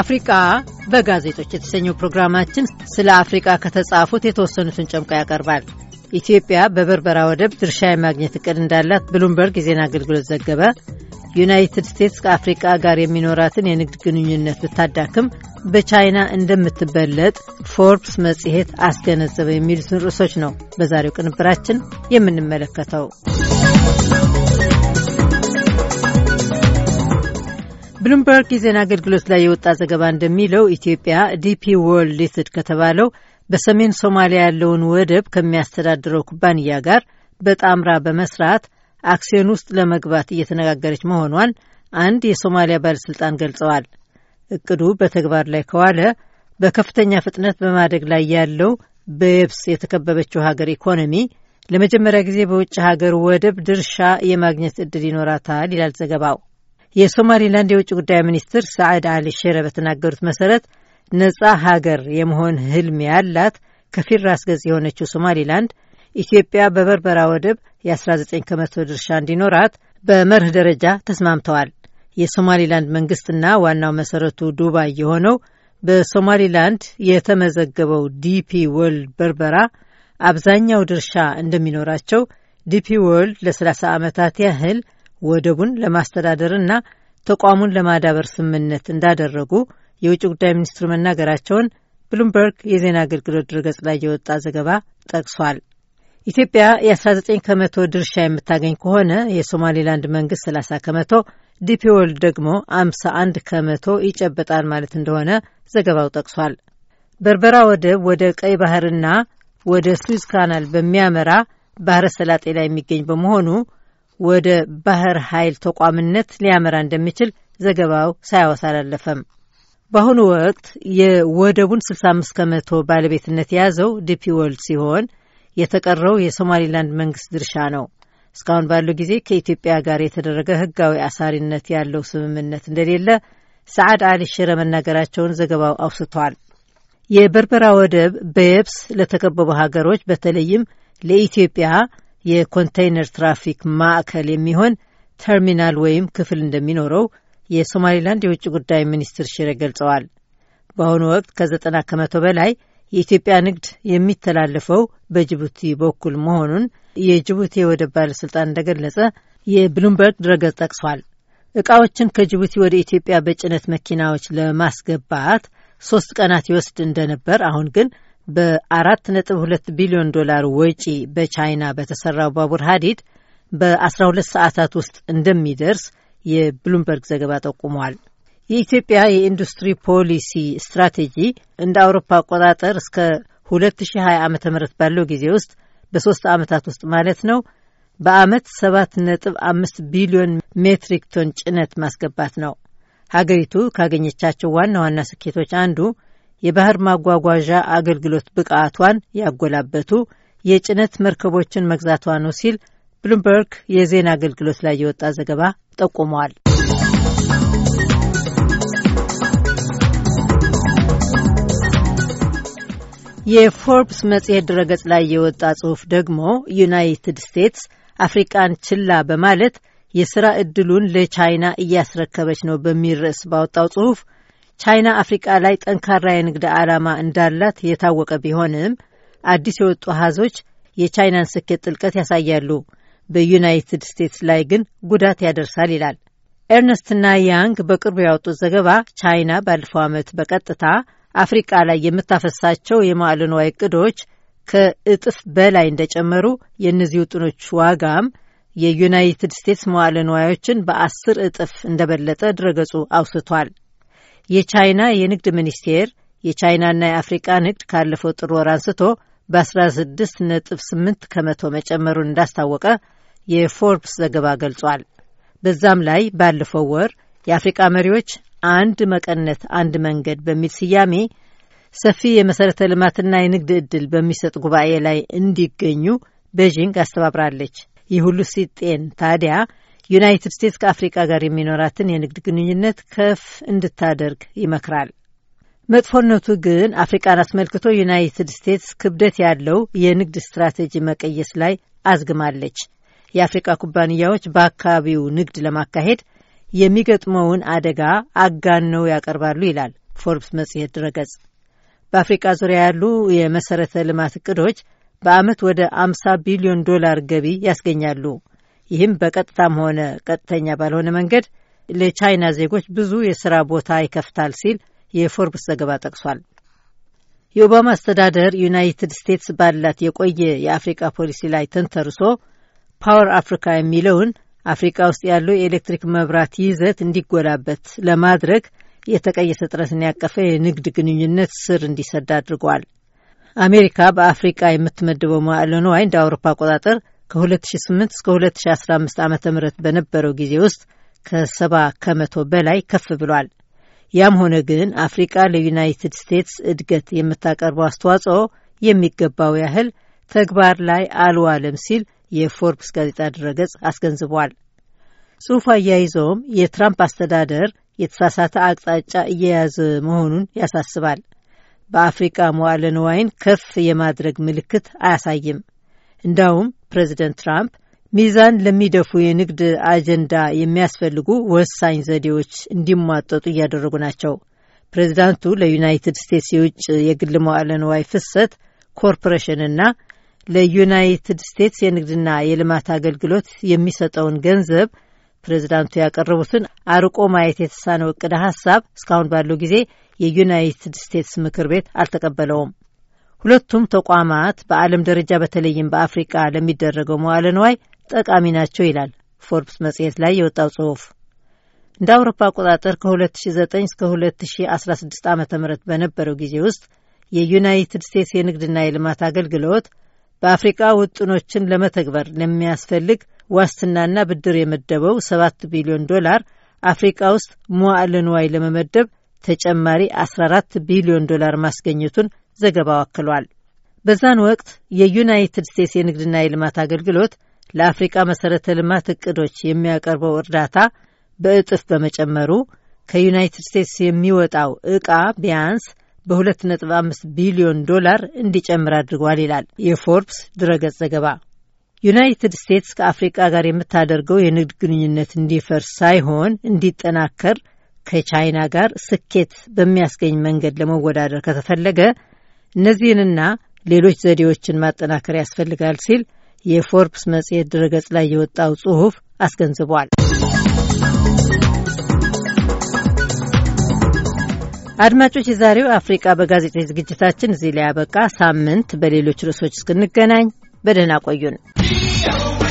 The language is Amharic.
አፍሪቃ በጋዜጦች የተሰኘው ፕሮግራማችን ስለ አፍሪቃ ከተጻፉት የተወሰኑትን ጨምቆ ያቀርባል። ኢትዮጵያ በበርበራ ወደብ ድርሻ የማግኘት እቅድ እንዳላት ብሉምበርግ የዜና አገልግሎት ዘገበ። ዩናይትድ ስቴትስ ከአፍሪቃ ጋር የሚኖራትን የንግድ ግንኙነት ብታዳክም በቻይና እንደምትበለጥ ፎርብስ መጽሔት አስገነዘበ። የሚሉትን ርዕሶች ነው በዛሬው ቅንብራችን የምንመለከተው። ብሉምበርግ የዜና አገልግሎት ላይ የወጣ ዘገባ እንደሚለው ኢትዮጵያ ዲፒ ወርልድ ሊትድ ከተባለው በሰሜን ሶማሊያ ያለውን ወደብ ከሚያስተዳድረው ኩባንያ ጋር በጣምራ በመስራት አክሲዮን ውስጥ ለመግባት እየተነጋገረች መሆኗን አንድ የሶማሊያ ባለሥልጣን ገልጸዋል። እቅዱ በተግባር ላይ ከዋለ በከፍተኛ ፍጥነት በማደግ ላይ ያለው በየብስ የተከበበችው ሀገር ኢኮኖሚ ለመጀመሪያ ጊዜ በውጭ ሀገር ወደብ ድርሻ የማግኘት እድል ይኖራታል ይላል ዘገባው። የሶማሌላንድ የውጭ ጉዳይ ሚኒስትር ሳዕድ አሊ ሼረ በተናገሩት መሰረት ነጻ ሀገር የመሆን ህልም ያላት ከፊል ራስ ገጽ የሆነችው ሶማሌላንድ ኢትዮጵያ በበርበራ ወደብ የ19 ከመቶ ድርሻ እንዲኖራት በመርህ ደረጃ ተስማምተዋል። የሶማሌላንድ መንግስትና ዋናው መሰረቱ ዱባይ የሆነው በሶማሌላንድ የተመዘገበው ዲፒ ወርልድ በርበራ አብዛኛው ድርሻ እንደሚኖራቸው ዲፒ ወርልድ ለ30 ዓመታት ያህል ወደቡን ለማስተዳደርና ተቋሙን ለማዳበር ስምምነት እንዳደረጉ የውጭ ጉዳይ ሚኒስትሩ መናገራቸውን ብሉምበርግ የዜና አገልግሎት ድረገጽ ላይ የወጣ ዘገባ ጠቅሷል። ኢትዮጵያ የ19 ከመቶ ድርሻ የምታገኝ ከሆነ የሶማሌላንድ መንግስት 30 ከመቶ፣ ዲፒ ወርልድ ደግሞ 51 ከመቶ ይጨበጣል ማለት እንደሆነ ዘገባው ጠቅሷል። በርበራ ወደብ ወደ ቀይ ባህርና ወደ ስዊዝ ካናል በሚያመራ ባህረ ሰላጤ ላይ የሚገኝ በመሆኑ ወደ ባህር ኃይል ተቋምነት ሊያመራ እንደሚችል ዘገባው ሳያወሳ አላለፈም። በአሁኑ ወቅት የወደቡን 65 ከመቶ ባለቤትነት የያዘው ዲፒ ወርልድ ሲሆን የተቀረው የሶማሊላንድ መንግስት ድርሻ ነው። እስካሁን ባለው ጊዜ ከኢትዮጵያ ጋር የተደረገ ህጋዊ አሳሪነት ያለው ስምምነት እንደሌለ ሰዓድ አሊ ሽረ መናገራቸውን ዘገባው አውስቷል። የበርበራ ወደብ በየብስ ለተከበቡ ሀገሮች በተለይም ለኢትዮጵያ የኮንቴይነር ትራፊክ ማዕከል የሚሆን ተርሚናል ወይም ክፍል እንደሚኖረው የሶማሌላንድ የውጭ ጉዳይ ሚኒስትር ሽረ ገልጸዋል። በአሁኑ ወቅት ከዘጠና ከመቶ በላይ የኢትዮጵያ ንግድ የሚተላለፈው በጅቡቲ በኩል መሆኑን የጅቡቲ የወደብ ባለሥልጣን እንደገለጸ የብሉምበርግ ድረገጽ ጠቅሷል። ዕቃዎችን ከጅቡቲ ወደ ኢትዮጵያ በጭነት መኪናዎች ለማስገባት ሶስት ቀናት ይወስድ እንደነበር አሁን ግን በ4.2 ቢሊዮን ዶላር ወጪ በቻይና በተሰራው ባቡር ሀዲድ በ12 ሰዓታት ውስጥ እንደሚደርስ የብሉምበርግ ዘገባ ጠቁመዋል። የኢትዮጵያ የኢንዱስትሪ ፖሊሲ ስትራቴጂ እንደ አውሮፓ አቆጣጠር እስከ 2020 ዓ ም ባለው ጊዜ ውስጥ በሶስት ዓመታት ውስጥ ማለት ነው በአመት 7.5 ቢሊዮን ሜትሪክ ቶን ጭነት ማስገባት ነው። ሀገሪቱ ካገኘቻቸው ዋና ዋና ስኬቶች አንዱ የባህር ማጓጓዣ አገልግሎት ብቃቷን ያጎላበቱ የጭነት መርከቦችን መግዛቷ ነው ሲል ብሉምበርግ የዜና አገልግሎት ላይ የወጣ ዘገባ ጠቁመዋል። የፎርብስ መጽሔት ድረገጽ ላይ የወጣ ጽሑፍ ደግሞ ዩናይትድ ስቴትስ አፍሪቃን ችላ በማለት የሥራ ዕድሉን ለቻይና እያስረከበች ነው በሚል ርዕስ ባወጣው ጽሑፍ ቻይና አፍሪቃ ላይ ጠንካራ የንግድ ዓላማ እንዳላት የታወቀ ቢሆንም አዲስ የወጡ አሃዞች የቻይናን ስኬት ጥልቀት ያሳያሉ፣ በዩናይትድ ስቴትስ ላይ ግን ጉዳት ያደርሳል ይላል። ኤርነስትና ያንግ በቅርቡ ያወጡት ዘገባ ቻይና ባለፈው ዓመት በቀጥታ አፍሪቃ ላይ የምታፈሳቸው የማዕለ ንዋይ እቅዶች ከእጥፍ በላይ እንደጨመሩ፣ የእነዚህ ውጥኖች ዋጋም የዩናይትድ ስቴትስ መዋለ ንዋዮችን በአስር እጥፍ እንደበለጠ ድረገጹ አውስቷል። የቻይና የንግድ ሚኒስቴር የቻይናና የአፍሪቃ ንግድ ካለፈው ጥር ወር አንስቶ በ16.8 ከመቶ መጨመሩን እንዳስታወቀ የፎርብስ ዘገባ ገልጿል። በዛም ላይ ባለፈው ወር የአፍሪቃ መሪዎች አንድ መቀነት አንድ መንገድ በሚል ስያሜ ሰፊ የመሠረተ ልማትና የንግድ ዕድል በሚሰጥ ጉባኤ ላይ እንዲገኙ ቤጂንግ አስተባብራለች። ይህ ሁሉ ሲጤን ታዲያ ዩናይትድ ስቴትስ ከአፍሪቃ ጋር የሚኖራትን የንግድ ግንኙነት ከፍ እንድታደርግ ይመክራል። መጥፎነቱ ግን አፍሪቃን አስመልክቶ ዩናይትድ ስቴትስ ክብደት ያለው የንግድ ስትራቴጂ መቀየስ ላይ አዝግማለች። የአፍሪቃ ኩባንያዎች በአካባቢው ንግድ ለማካሄድ የሚገጥመውን አደጋ አጋነው ያቀርባሉ ይላል ፎርብስ መጽሔት ድረገጽ። በአፍሪቃ ዙሪያ ያሉ የመሰረተ ልማት እቅዶች በአመት ወደ 50 ቢሊዮን ዶላር ገቢ ያስገኛሉ። ይህም በቀጥታም ሆነ ቀጥተኛ ባልሆነ መንገድ ለቻይና ዜጎች ብዙ የስራ ቦታ ይከፍታል ሲል የፎርብስ ዘገባ ጠቅሷል። የኦባማ አስተዳደር ዩናይትድ ስቴትስ ባላት የቆየ የአፍሪቃ ፖሊሲ ላይ ተንተርሶ ፓወር አፍሪካ የሚለውን አፍሪቃ ውስጥ ያለው የኤሌክትሪክ መብራት ይዘት እንዲጎላበት ለማድረግ የተቀየሰ ጥረትን ያቀፈ የንግድ ግንኙነት ስር እንዲሰድ አድርጓል። አሜሪካ በአፍሪቃ የምትመድበው መዋዕለ ንዋይ እንደ አውሮፓ አቆጣጠር ከ2008 እስከ 2015 ዓ ም በነበረው ጊዜ ውስጥ ከ70 ከመቶ በላይ ከፍ ብሏል። ያም ሆነ ግን አፍሪቃ ለዩናይትድ ስቴትስ እድገት የምታቀርበው አስተዋጽኦ የሚገባው ያህል ተግባር ላይ አልዋለም ሲል የፎርብስ ጋዜጣ ድረገጽ አስገንዝቧል። ጽሑፉ አያይዘውም የትራምፕ አስተዳደር የተሳሳተ አቅጣጫ እየያዘ መሆኑን ያሳስባል። በአፍሪቃ መዋለ ንዋይን ከፍ የማድረግ ምልክት አያሳይም። እንዳውም ፕሬዚደንት ትራምፕ ሚዛን ለሚደፉ የንግድ አጀንዳ የሚያስፈልጉ ወሳኝ ዘዴዎች እንዲሟጠጡ እያደረጉ ናቸው። ፕሬዚዳንቱ ለዩናይትድ ስቴትስ የውጭ የግል መዋዕለ ንዋይ ፍሰት ኮርፖሬሽንና ለዩናይትድ ስቴትስ የንግድና የልማት አገልግሎት የሚሰጠውን ገንዘብ ፕሬዚዳንቱ ያቀረቡትን አርቆ ማየት የተሳነው እቅደ ሀሳብ እስካሁን ባለው ጊዜ የዩናይትድ ስቴትስ ምክር ቤት አልተቀበለውም። ሁለቱም ተቋማት በዓለም ደረጃ በተለይም በአፍሪቃ ለሚደረገው መዋለ ንዋይ ጠቃሚ ናቸው ይላል ፎርብስ መጽሔት ላይ የወጣው ጽሑፍ። እንደ አውሮፓ አቆጣጠር ከ2009 እስከ 2016 ዓ ም በነበረው ጊዜ ውስጥ የዩናይትድ ስቴትስ የንግድና የልማት አገልግሎት በአፍሪቃ ውጥኖችን ለመተግበር ለሚያስፈልግ ዋስትናና ብድር የመደበው 7 ቢሊዮን ዶላር አፍሪቃ ውስጥ መዋዕለ ንዋይ ለመመደብ ተጨማሪ 14 ቢሊዮን ዶላር ማስገኘቱን ዘገባው አክሏል። በዛን ወቅት የዩናይትድ ስቴትስ የንግድና የልማት አገልግሎት ለአፍሪቃ መሰረተ ልማት እቅዶች የሚያቀርበው እርዳታ በእጥፍ በመጨመሩ ከዩናይትድ ስቴትስ የሚወጣው ዕቃ ቢያንስ በ2.5 ቢሊዮን ዶላር እንዲጨምር አድርጓል ይላል የፎርብስ ድረገጽ ዘገባ። ዩናይትድ ስቴትስ ከአፍሪቃ ጋር የምታደርገው የንግድ ግንኙነት እንዲፈርስ ሳይሆን እንዲጠናከር ከቻይና ጋር ስኬት በሚያስገኝ መንገድ ለመወዳደር ከተፈለገ እነዚህንና ሌሎች ዘዴዎችን ማጠናከር ያስፈልጋል ሲል የፎርብስ መጽሔት ድረገጽ ላይ የወጣው ጽሑፍ አስገንዝቧል። አድማጮች፣ የዛሬው አፍሪቃ በጋዜጦች ዝግጅታችን እዚህ ላይ ያበቃ። ሳምንት በሌሎች ርዕሶች እስክንገናኝ በደህና ቆዩን።